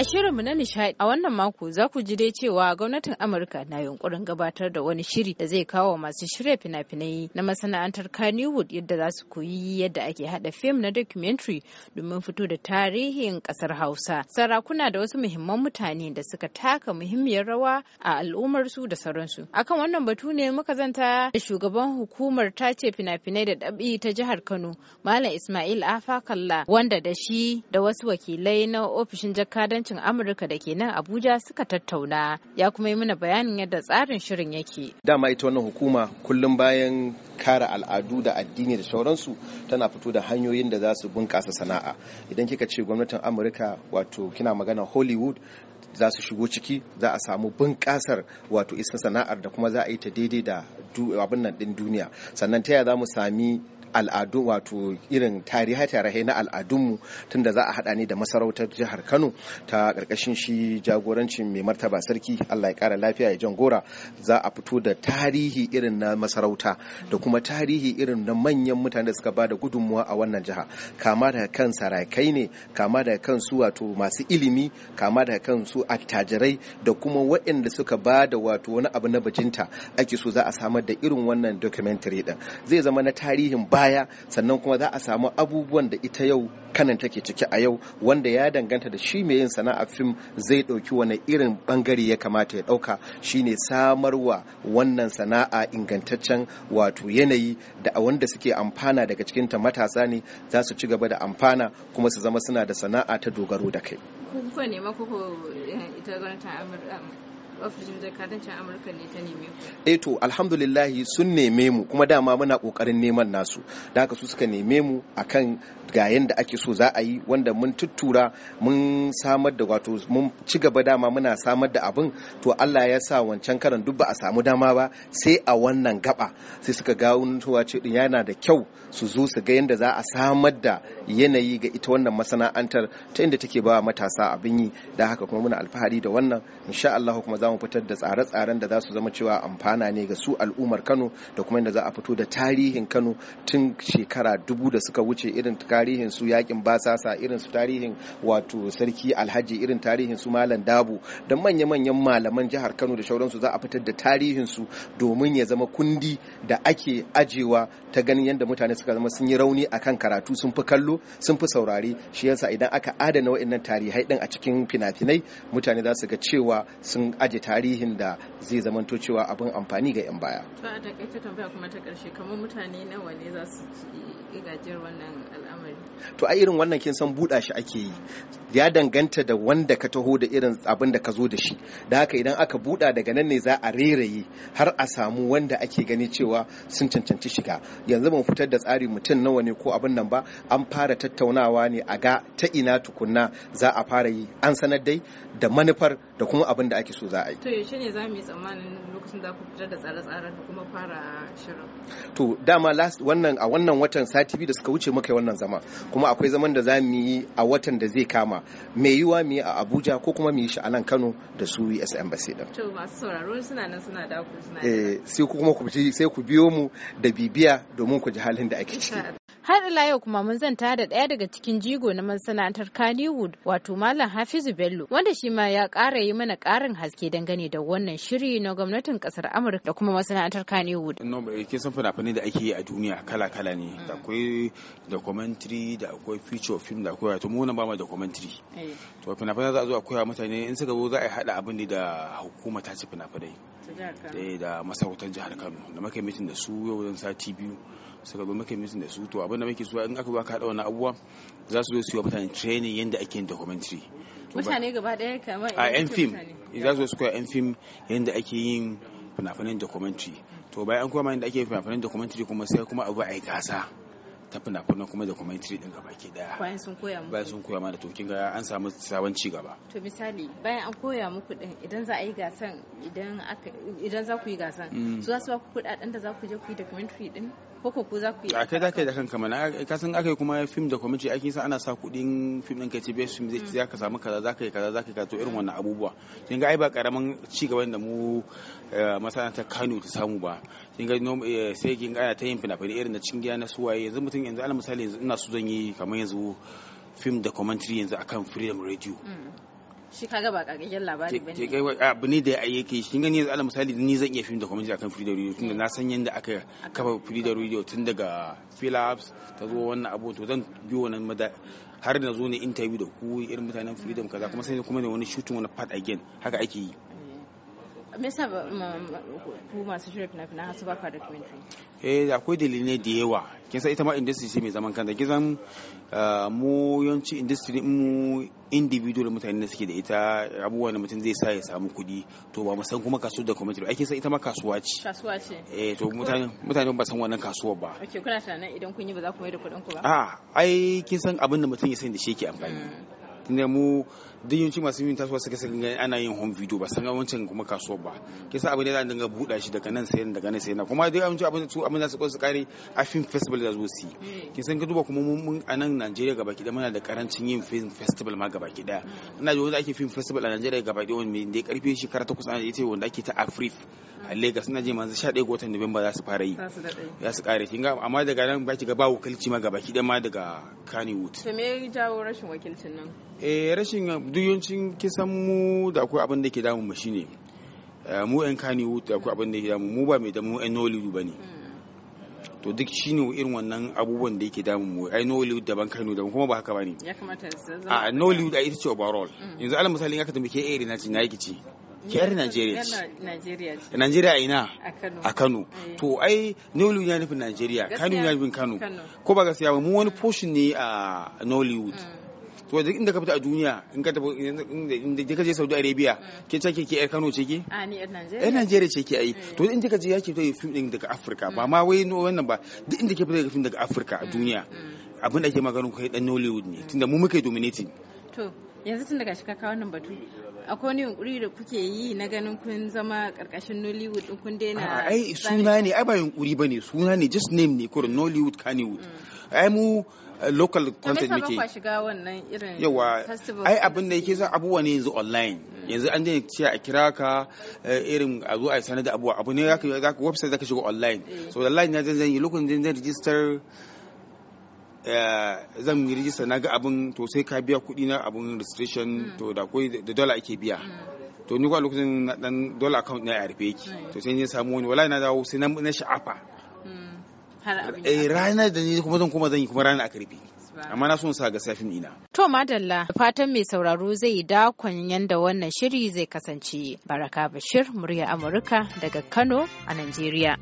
A shirinmu na nishadi a wannan mako za ku ji dai cewa gwamnatin Amurka na yunkurin gabatar da wani shiri da zai kawo masu shirya fina-finai na masana'antar Kannywood yadda za su koyi yadda ake hada fim na documentary domin fito da tarihin kasar Hausa. Sarakuna da wasu muhimman mutane da suka taka muhimmiyar rawa a al'ummarsu da sauransu. Akan wannan batu ne muka zanta da shugaban hukumar tace fina-finai da ɗabi ta jihar Kano, Malam Ismail Afakalla wanda da shi da wasu wakilai na ofishin jakadanci jakadancin Amurka da ke nan Abuja suka tattauna ya kuma yi mana bayanin yadda tsarin shirin yake. Dama ita wannan hukuma kullum bayan kare al'adu da addini da sauransu tana fito da hanyoyin da za su bunƙasa sana'a. Idan kika ce gwamnatin Amurka wato kina magana Hollywood za su shigo ciki za a samu bunƙasar wato isa sana'ar da kuma za a yi ta daidai da abin nan ɗin duniya. Sannan ta yaya za mu sami al'adu wato irin tarihi tarihi na al'adunmu tunda za a haɗa ne da masarautar jihar Kano ta karkashin shi jagorancin mai martaba sarki Allah ya ƙara lafiya ya jan gora za a fito da tarihi irin na masarauta da kuma tarihi irin na manyan mutane da suka bada gudunmuwa a wannan jiha kama da kan sarakai ne kama da kan su wato masu ilimi kama da kan su attajirai da kuma waɗanda suka ba da wato wani abu na bajinta ake so za a samar da irin wannan documentary din zai zama na tarihin ba baya sannan kuma za a samu abubuwan da ita yau kanan take ciki a yau wanda ya danganta da shi mai yin sana'a fim zai ɗauki wani irin bangare ya kamata ya ɗauka shine samarwa wannan sana'a ingantaccen wato yanayi da wanda suke amfana daga cikinta matasa ne za su ci gaba da amfana kuma su zama suna da sana'a ta dogaro da kai. Eh, ita ofishin jakadancin amurka ne eh alhamdulillah sun neme mu kuma dama muna kokarin neman nasu da haka su suka neme mu akan ga yanda ake so za a yi wanda mun tuttura mun samar da wato mun ci gaba dama muna samar da abin to Allah ya sa wancan karan duk ba a samu dama ba sai a wannan gaba sai suka ga cewa ce yana da kyau su zo su ga yanda za a samar da yanayi ga ita wannan masana'antar ta inda take ba matasa abin yi da haka kuma muna alfahari da wannan insha Allah kuma za za mu fitar da tsare-tsaren da za su zama cewa amfana ne ga su al'ummar Kano da kuma inda za a fito da tarihin Kano tun shekara dubu da suka wuce irin tarihin su yakin basasa irin su tarihin wato sarki alhaji irin tarihin su malam dabu da manya-manyan malaman jihar Kano da shauransu za a fitar da tarihin su domin ya zama kundi da ake ajewa ta ganin yadda mutane suka zama sun yi rauni akan karatu sun fi kallo sun fi saurari shi yasa idan aka adana waɗannan tarihai din a cikin fina-finai mutane za su ga cewa sun aje yake tarihin da zai zamanto cewa abin amfani ga 'yan baya. To a takaice tambaya kuma ta karshe kamar mutane nawa ne za su ci gajiyar wannan al'amari? To a irin wannan kin san buɗa shi ake yi. Ya danganta da wanda ka taho da irin abin da ka zo da shi. Da haka idan aka buɗa daga nan ne za a reraye har a samu wanda ake gani cewa sun cancanci shiga. Yanzu ban fitar da tsari mutum nawa ne ko abin nan ba an fara tattaunawa ne a ga ta ina tukunna za a fara yi an sanar dai da manufar da kuma abin da ake so za aiki to yaushe ne za mu yi tsammanin lokacin da ku fitar da tsare-tsaren da kuma fara shirin to dama last wannan a wannan watan sati biyu da suka wuce muka yi wannan zama kuma akwai zaman da za mu yi a watan da zai kama mai yiwa mu yi a Abuja ko kuma mu yi shi a nan Kano da su US Embassy din to masu sauraro suna nan suna ku suna eh sai ku kuma ku sai ku biyo mu da bibiya domin ku ji halin da ake ciki har ila yau kuma mun zanta da ɗaya daga cikin jigo na masana'antar Kannywood wato Malam Hafizu Bello wanda shi ma ya kara yi mana karin haske dangane da wannan shiri na gwamnatin kasar Amurka da kuma masana'antar Kannywood. No, eh, ke san fina-finai da ake yi a duniya kala-kala ne. Da akwai documentary, da akwai feature film, da akwai wato mu ba mu documentary. Eh. To fina-finai za a zo a koya mutane in suka zo za a haɗa abin da hukuma ta ci fina-finai. Eh, da masarautar jihar kano da maka mitin da su yau wajen sati biyu suka zo maka mitin da su to abinda muke so in aka baka haɗa wani abubuwa za su zo su yi wa mutane training yadda ake yin documentary mutane gaba ɗaya kamar a yan fim eh, za su zo su koya yan fim yadda ake yin fina-finan documentary to bayan kuma koya yadda ake fina-finan documentary kuma sai kuma abu a yi gasa ta fina-finan kuma da commentary din gaba ke daya bayan sun koya muku bayan sun koya to an samu sabon ci gaba to misali bayan an koya muku din idan za a yi gasan idan aka idan za ku yi gasan mm. so za su ba ku kudaden da za ku je ku yi documentary din ko ku za ku yi a kai za ka yi da kanka mana ka san aka yi kuma fim da kwamiti ake sa ana sa kuɗin fim ɗin kai ce bai fim zai mm. za ka samu kaza za ka yi kaza za ka yi kaza irin wannan abubuwa kin ga ai ba karamin ci gaban da mu eh, ta Kano ta samu ba kin ga eh, sai kin ga ana ta yin fina-finai irin na cingiya na suwaye yanzu mutum yanzu alal misali ina so zan yi kamar yanzu fim da commentary yanzu akan Freedom Radio mm. shi kaga ba kagaggen labari bane ke kai abu ne da ke shi gani yanzu alal misali ni zan iya fim da comedy akan free da radio tunda na san yanda aka kafa free da radio tun daga Philips ta zo wannan abu to zan biyo wannan har na zo ne interview da ku irin mutanen freedom kaza kuma sai kuma ne wani shooting wani part again haka ake yi me yasa ku masu shirya fina-finan hasu ba ka documentary eh akwai dalilai da yawa kin san ita ma industry ce mai zaman kanta kin san eh, mu yawanci industry mu individual mutane da suke da ita abubuwan da mutum zai sa ya samu kuɗi to ba mu san kuma kasuwar da community ake san ita ma kasuwa ce kasuwa ce eh to mutane mutane ba san wannan kasuwar ba okay kuna tunanin idan kun yi ba za ku mai da kuɗin ku ba a ah, ai kin san abin da mutum ya sani da shi yake amfani mm. tunda mu duk yawanci masu yin tasowa suka san ana yin home video ba san wancan kuma kasuwar ba ke sa abin da za a dinga buɗa shi daga nan sayan daga nan sayan kuma duk yawanci abin su abin da su su kare a film festival da zo su yi mm. ke san ka duba kuma mun a nan Najeriya gaba ki muna da karancin yin film festival ma gaba ki daya mm. ina ji wanda ake film festival a Najeriya gaba ki wanda da ya karfe shi karata kusa ita wanda ake ta Afrif a mm. Lagos ina je manzo 11 ga watan Nuwamba za su fara yi za su kare kin ga amma daga nan baki ga ba wakilci ma gaba ki ma daga Kannywood to me ya jawo rashin wakilcin nan eh rashin duk kisan mu da akwai abin da ke damu mu shine eh, mu yan kaniwu da akwai abin da ke damu mu ba mai damu yan nollywood ba ne hmm. to duk shine irin wannan abubuwan da yake damun mu ai Nollywood daban Kano daban kuma ba haka bane ya kamata a Nollywood a ita ce overall hmm. yanzu alal misali in aka tambaye ke area eh, na ci na yi kici ke yar Najeriya ce Najeriya a ina a Kano eh. to ai Nollywood ya nufin Najeriya Kano ya nufin Kano ko ba gaskiya ba mu wani portion ne a Nollywood hmm. to da inda ka fita a duniya in ka tafi inda ka je Saudi Arabia mm. ke ce ke ke yar Kano ce ke a ni yar Najeriya yar Najeriya ce ke ai mm. to in ka je ya ke fita film din daga Afirka ba mm. ma wai wannan ba duk inda ke fita film daga Afirka a duniya abin da ke maganin kai dan Nollywood ne tunda mu muke dominating to yanzu tun daga shi ka kawo wannan batu akwai wani yunkuri da kuke yi na ganin kun zama karkashin Nollywood din kun daina ai suna ne ai ba yunkuri bane suna ne just name ne kurin Nollywood Kannywood mm. ai mu eh, local content muke shiga wannan irin yawa ai abin da yake zan abubuwa ne yanzu online mm. yanzu an daina ce a kira ka eh, irin a zo a sanar da abubuwa abu ne zaka website zaka shiga online eh. so online na zan yi lokacin zan register Eh, zan yi rijista na ga abin to sai ka biya kuɗi na abin registration mm. to da akwai da dola ake biya mm. to ni kuma lokacin na dan dola account na a rufe yake mm. to sai ni samu wani wallahi na dawo sai na sha'afa eh ranar da ni kuma zan kuma zan yi kuma ranar a karfe amma na son sa ga safin ina to madalla fatan mai sauraro zai yi dakon yanda wannan shiri zai kasance baraka bashir murya amurka daga kano a najeriya